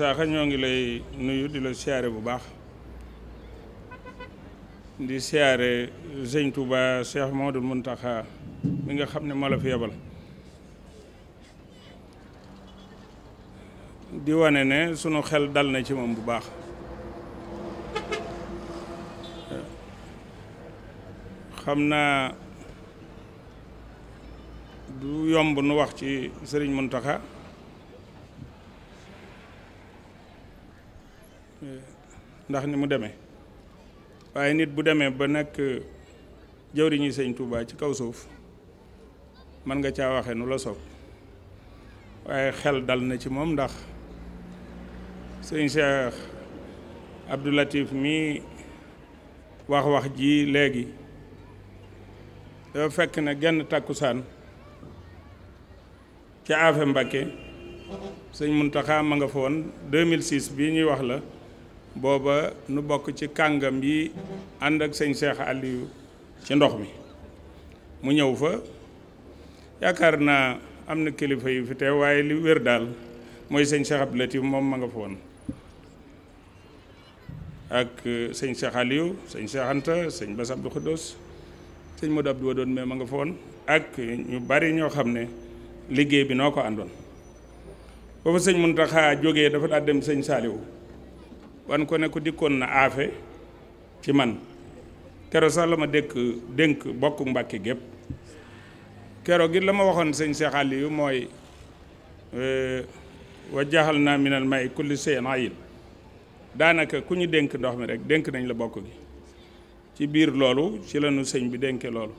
Isaaxa ñoo ngi lay nuyu di la siyaare bu baax di siyaare sëñ Touba Cheikh Mamadou Muntaxa mi nga xam ne moo la fi yebal di wane ne sunu xel dal na ci moom bu baax xam naa du yomb nu wax ci sëriñ Muntaxa ndax ni mu demee waaye nit bu demee ba nekk ñi sëñ Touba ci kaw suuf man nga caa waxee nu la sopp waaye xel dal na ci moom ndax sëñ Cheikh Abdou Latif mi wax wax ji léegi dafa fekk ne genn takkusaan ci Afe Mbakke sëñ Muntaxa ma nga fa woon 2006 bii ñuy wax la booba nu bokk ci kàngam yi ànd ak sëñ Cheikh Aliou ci ndox mi mu ñëw fa yaakaar naa am na kilifa yu fi teew waaye li wér daal mooy sëñ Cheikh Abdou Latif moom ma nga fa woon ak euh, sëñ Cheikh Aliou sëñ Cheikh sëñ Bass Abdou Khoudoss sëñ Modou Abdou Wadoon mais ma nga fa woon ak ñu bari ñoo xam ne liggéey bi noo ko àndoon booba sëñ Mountakha jógee dafa daal dem sëñ Saliou wan ko ne ko dikkoon na aafe ci man kero sax la ma dénk dénk bokk mbàkki gépp kero gi la ma waxoon sëñ Cheikh Aliou mooy euh, wa jaaxal naa minal may kulli seen ayil daanaka ku ñu dénk ndox mi rek dénk nañ la bokk gi ci biir loolu ci lañu sëñ bi dénke loolu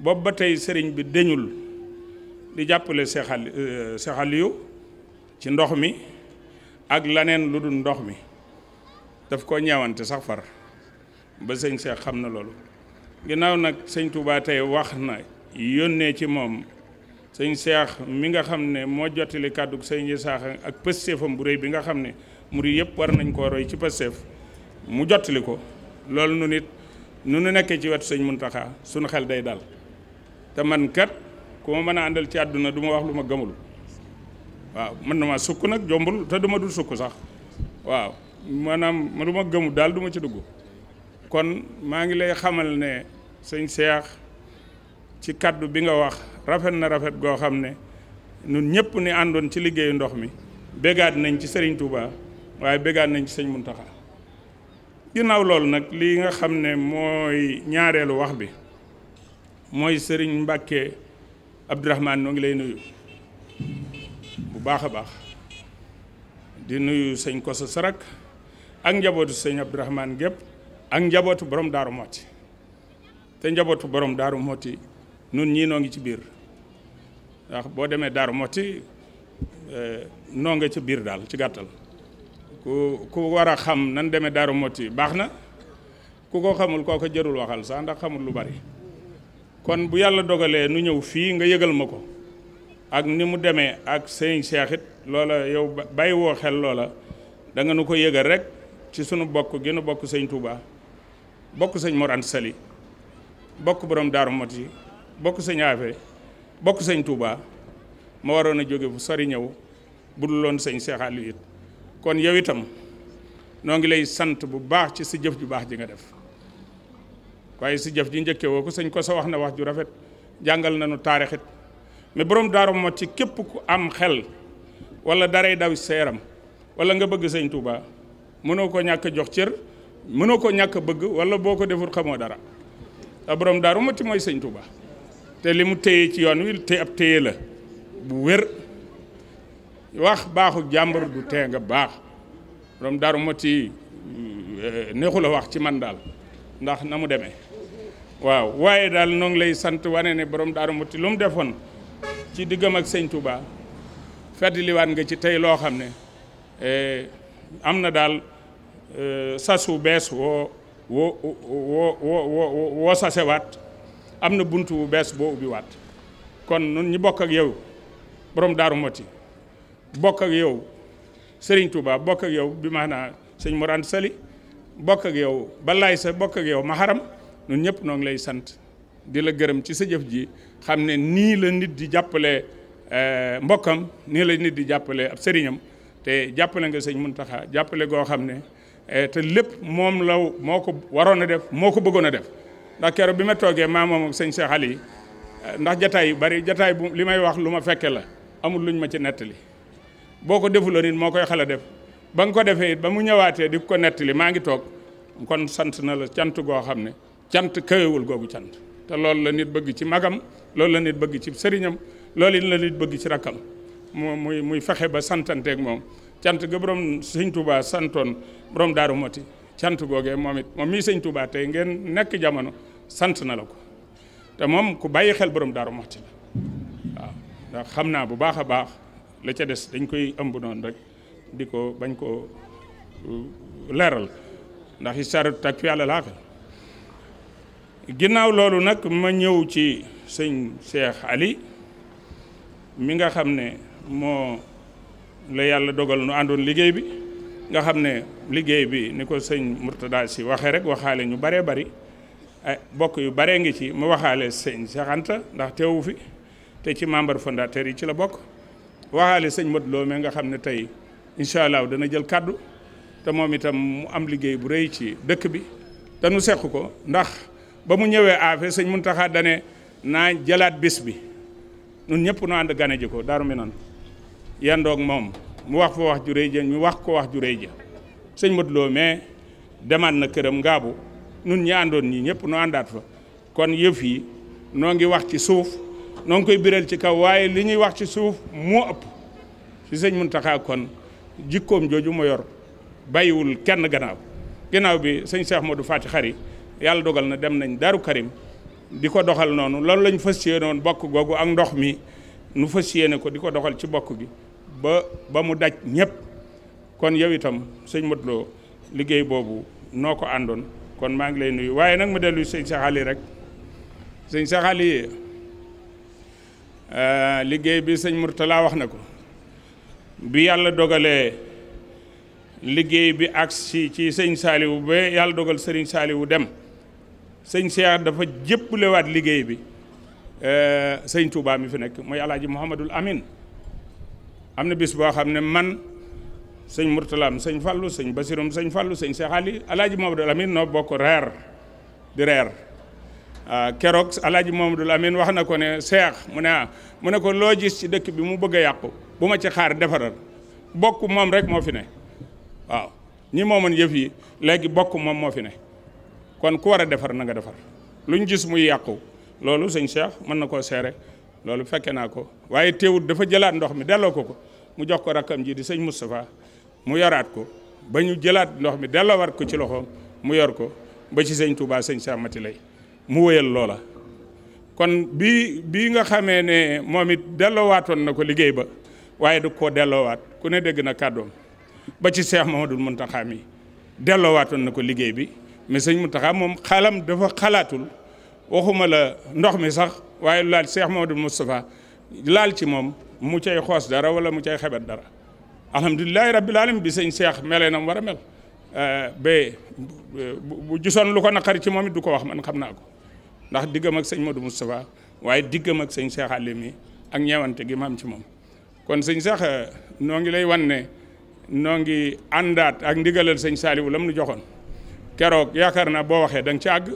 boobu ba tey sëriñ bi deñul di jàppale Cheikh euh, Aliou Cheikh ci ndox mi ak laneen lu dul ndox mi daf koo ñeewante sax far ba sëñ Cheikh xam na loolu ginnaaw nag sëñ Touba tey wax na yónnee ci moom sëñ Cheikh mi nga xam ne moo jottali kàddu sëñ Isaaxa ak pëstéefam bu rëy bi nga xam ne murid yëpp war nañ koo roy ci pëstéef mu jottali ko loolu nu nit nu nu nekkee ci wetu sëñ Muntaxa suñu xel day daal te man kat ku ma mën a àndal ci àdduna du ma wax lu ma gëmul waaw mën na maa sukk nag jombul te du ma sukk sax waaw manam lu ma gëmu dal du ma ci dugg kon maa ngi lay xamal ne sëñ Seex ci kaddu bi nga wax rafet na rafet goo xam ne ñun ñëpp ni àndoon ci liggéeyu ndox mi bégaat nañ ci sëriñ Touba waaye bégaat nañ ci sëñ Muntaxa ginnaaw loolu nag li nga xam ne mooy ñaareelu wax bi mooy sëriñ Mbàkke Abdourahmane noo ngi lay nuyu bu baax a baax di nuyu sëñ Koso Sarak ak njabootu sëñ Abdourahmane gépp ak njabootu borom daaru Mooti te njabootu borom daaru Mooti nun ñii noo ngi ci biir ndax boo demee daaru Mooti eh, noo nga ci biir daal ci gàttal ku ku war a xam nan demee daaru Mooti baax na ku ko xamul kooko ko jërul waxal sax ndax xamul lu bari kon bu yàlla dogalee nu ñëw fii nga yëgal ma ko ak ni mu demee ak sëñ Cheikh it loola yow bàyyi woo xel loola danga nu ko yëgal rek. ci sunu bokk gën bokk sëñ Touba bokk sañ Mor Anta bokk borom Daaru Moti bokk sëñ Afe bokk sañ Touba ma waroon a jóge fu sori ñëw bu dul loon sëñ Cheikh Aliou it kon yow itam noo ngi lay sant bu baax ci si jëf ju baax ji nga def waaye si jëf ji njëkke woo ko sëñ ko sa wax na wax ju rafet jàngal na nañu taarixit mais borom Daaru Moti képp ku am xel walla daray daw seeram wala nga bëgg sëñ Touba. mënoo ko ñàkk jox cër mënoo ko ñàkk bëgg wala boo ko deful xamoo dara te borom daaru mati mooy sëñ tuba te li mu téye ci yoon wi te ab téye la bu wér wax baaxu jàmbar du tee nga baax borom daaru mati eh, neexu la wax ci man daal ndax na mu demee waaw waaye daal noo lay sant wane ne borom daaru mati lu mu defoon ci diggam ak sëñ tuba fedd liwaat nga ci tey loo xam ne eh, am na daal Euh, sasu bees woo woo woo woo woo sasewaat am na bunt wu bees boo ubbiwaat kon nun ñi bokk ak yow borom daaru moti bokk yow sëriñ Touba bokk yow bi maanaa sëñ Morane Sali bokk yow Balaye sa bokk yow Maharam nun ñëpp noo ngi lay sant di la gërëm ci sa jëf ji xam ne nii la nit di jàppale euh, mbokkam nii la nit di jàppale ab sëriñam te jàppale nga sëñ Muntaxa jàppale goo xam ne Eh, te lépp moom la moo ko waroon a def moo ko bëggoon a def ndax keroog bi ma toogee maa ak sëñ Cheikh yi eh, ndax jataay yu bari jataay bu li may wax lu ma fekke la amul luñ ma ci nettali boo ko defuloon it moo koy xala def ba nga ko defee ba mu ñëwaatee di ko nettali maa ngi toog kon sant na la cant goo xam ne cant këyewul googu cant te loolu la nit bëgg ci magam loolu la nit bëgg ci sëriñam loolu it la nit bëgg ci rakkam mu muy muy fexe ba santanteeg moom cant ga borom sëñ Touba santoon borom Daaru Moti cant googee moom it moom mii sëñ Touba tey ngeen nekk jamono sant na la ko te moom ku bàyyi xel borom Daaru Moti la ndax xam naa bu baax a baax la ca des dañ koy ëmb noonu rek di ko bañ ko euh, leeral ndax i sarat tak fi yàlla laaxal ginnaaw loolu nag ma ñëw ci sëñ Cheikh Ali mi nga xam ne moo la yàlla dogal nu àndoon liggéey bi nga xam ne liggéey bi ni ko sëñ Mourtada si waxee rek waxaale ñu baree bari ay bokk yu baree ngi ci ma waxaale sëñ Cheikh ndax teewu fi te ci membre fondateur yi ci la bokk waxaale sëñ Modou Lo nga xam ne tey incha allah dana jël kàddu te moom itam mu am liggéey bu rëy ci dëkk bi te nu sekk ko ndax ba mu ñëwee affaire sëñ Mountakha dane naa jëlaat bis bi nun ñëpp nu ànd gane ko daaru mi yandoog moom mu wax fa wax jure rëy ja ñu wax ko wax jure rëy ja sëñ Modou Lo mais demaat na këram ngaabu nun ñi àndoon ñii ñëpp nu àndaat fa kon yëf yi noo ngi wax ci suuf noo ngi koy biral ci kaw waaye li ñuy wax ci suuf moo ëpp ci sëñ Muntaxa kon jikkoom jooju mu yor bàyyiwul kenn gannaaw gannaaw bi sëñ Cheikh Modou fàcc Xari yàlla dogal na dem nañ daru Karim di ko doxal noonu loolu lañ fas yéene woon bokk googu ak ndox mi nu fas yéene ko di ko doxal ci bokk gi ba ba mu daj ñëpp kon yow itam sëñ Modou liggéey boobu noo ko àndoon kon maa ngi lay nuyu waaye nag ma dellu sëñ Cheikh Ali rek sëñ Cheikh Ali euh, liggéey bi sëñ Mourtala wax na ko bi yàlla dogalee liggéey bi ak si ci sëñ Saliou ba yàlla dogal sëriñ Saliou dem sëñ Cheikh dafa jëppalewaat liggéey bi euh, sëñ Touba mi fi nekk mooy alaaji Mouhamadul Amin am na bis boo xam ne man sëñ Murtalaam sëñ Fallu sëñ Basirum sëñ Fallu sëñ Cheikh Ali alaaji Mamadul Amin noo bokk reer di reer ah, keroog alaaji Mamadul Amin wax na ko ne Cheikh mu ne mu ne ko loo gis ci dëkk bi mu bëgg a yàqu bu ma ci xaar defaral bokk moom rek moo fi ne waaw ñi moomoon yëf yi léegi bokk moom moo fi ne kon ku war a defar na nga defar luñ gis muy yàqu loolu sëñ Cheikh mën na koo seere loolu fekke naa ko waaye teewut dafa jëlaat ndox mi delloo ko ko mu jox ko rakkam jii di sëñ Moustapha mu yoraat ko ba ñu jëlaat ndox mi delloowaat ko ci loxoom mu yor ko ba ci sëñ Touba sëñ Samati lay mu wéyal loola. kon bii bii nga xamee ne moom it delloowaatoon na ko liggéey ba waaye du koo delloowaat ku ne dégg na kàddoom ba ci Cheikh Mamadou Mountakha mi delloowaatoon na ko liggéey bi mais sëñ Mountakha moom xalam dafa xalaatul waxuma la ndox mi sax. waaye laal Cheikh Modou Moustapha laal ci moom mu cay xoos dara wala mu cay xebet dara alhamdulilahi rabbil alamin bi sëñ Cheikh melee nam war a mel eh, ba bu gisoon lu ko naqari ci moom it du ko wax man xam naa ko ndax diggam ak sëñ Modou Moustapha waaye diggam ak sëñ Cheikh Aliou mi ak ñeewante gi ma am ci moom kon sëñ sax eh, noo ngi lay wan ne noo ngi àndaat ak ndigalal sëñ Saliou lam nu joxoon keroog yaakaar naa boo waxee da ci àgg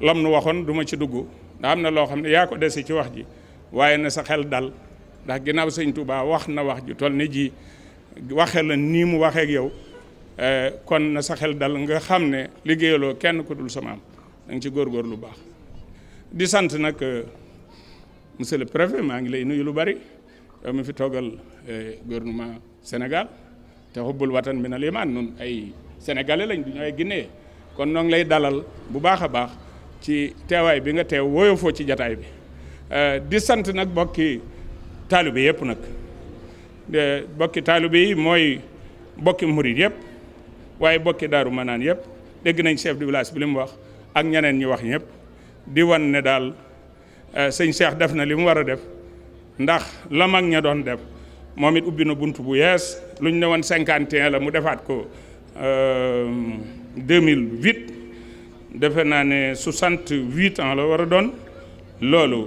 lam nu waxoon du ma ci dugg ndax am na loo xam ne yaa ko dese ci wax ji waaye na sa xel dal ndax ginnaaw sëñ Touba wax na wax ju toll ne ji waxe la nii mu waxeeg yow eh, kon na sa xel dal nga xam ne liggéeyaloo kenn ku dul sama am da nga ci góorgóor lu baax di sant nag eh, monsieur le préfet maa ngi lay nuyu lu bari yow mi fi toogal eh, gouvernement Sénégal te xubbul watan bi na limaan nun ay sénégalais lañ du ñu ay Guinée kon noo ngi lay dalal bu baax a baax ci teewaay bi nga teew woyofoo ci jataay bi eh, di sant nag bokki taalibe yëpp nag bokki taalibe yi mooy bokki murid yëpp waaye bokki daaru manaan yëpp dégg nañ chef de village bi li mu wax ak ñeneen ñi wax ñëpp di wan ne daal eh, sëñ Cheikh def na li mu war a def ndax la ña doon def moom it ubbi na bunt bu yees lu ñu ne woon cinquante et la mu defaat ko 2008 eh, defe naa ne soixante-huit ans la war a doon loolu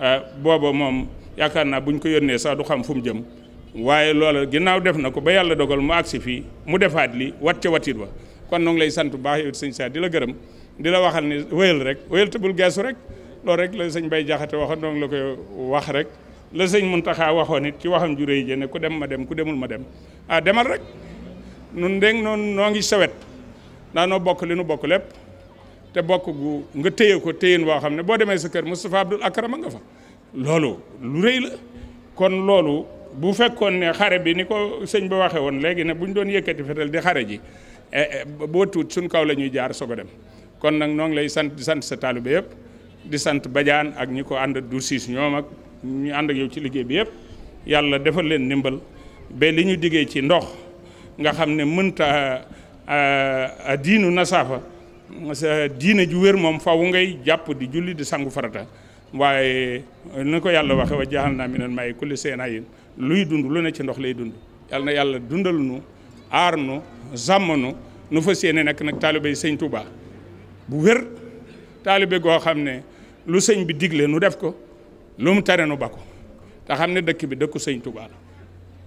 euh, booba moom yaakaar naa bu ñu ko yónnee sax du xam fu mu jëm waaye loola ginnaaw def na ko ba yàlla dogal mu agsi fii mu defaat li wat ca watit wa kon noo lay sant bu baax yow sëñ saa di la gërëm di la waxal ni wéyal rek wéyal te bul geesu rek loolu rek la sëñ Bay Jaxate waxoon noo la koy wax rek la sëñ mun Muntaxa waxoon it ci waxam ju rëy ne ku dem ma dem ku demul ma dem ah demal rek nun ndéng noonu noo ngi sawet daa bokk li bokk lépp te bokk gu nga téye ko téyin woo xam ne boo demee sa kër Moustapha Abdoul Akram a nga fa loolu lu rëy la kon loolu bu fekkoon ne xare bi ni ko sëñ ba waxee woon léegi ne bu ñu doon yëkkati fetal di xare ji eh, eh, boo tuut suñ kaw la ñuy jaar soog a dem kon nag noo ngi lay sant di sant sa taalibe yëpp di sant Badiane ak ñi ko ànd du siis ñoom ak ñu ànd ak yow ci liggéey bi yëpp yàlla defal leen ndimbal ba li ñu diggee ci ndox nga xam ne mënta a eh, diinu nasaafa sa diine ju wér moom fawu ngay jàpp di julli di sangu farata waaye eh, ni ko yàlla waxe wa jaxal naa minal maayi kulli seen ayin luy dund lu ne ci ndox lay dund yàlla na yàlla dundal nu aar nu sàmm nu nu fas yéene nekk nag taalibe yi sëñ Touba bu wér taalibe goo xam ne lu sëñ bi digle nu def ko lu mu tere nu ba ko te xam ne dëkk bi dëkku sëñ Touba la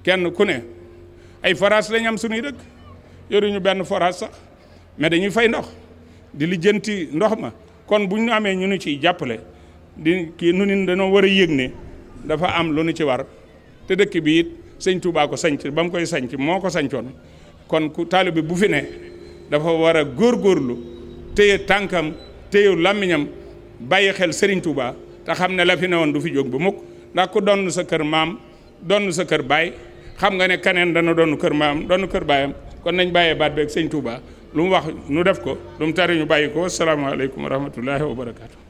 kenn ku ne ay forage lañ am suñuy dëkk yoruñu benn forage sax mais dañuy fay ndox di lijjanti ndox ma kon bu ñu amee ñu nu ciy jàppale di kii nu ni dañoo war a yëg ne dafa am lu nu ci war te dëkk bi it sëñ Touba ko sanc ba mu koy sanc moo ko sancoon kon ku taalibe bu fi ne dafa war a góor góorlu téye tànkam téye làmmiñam bàyyi xel sëriñ Touba te xam ne la fi ne woon du fi jóg bu mukk ndax ku donn sa kër maam donn sa kër baay xam nga ne keneen dana donn kër maam donn kër baayam kon nañ bàyyee baat beeg sëñ Touba lu mu wax nu def ko lu mu tari ñu bàyyi ko salaamaaleykum wa rahmatullahi wa barakaatu.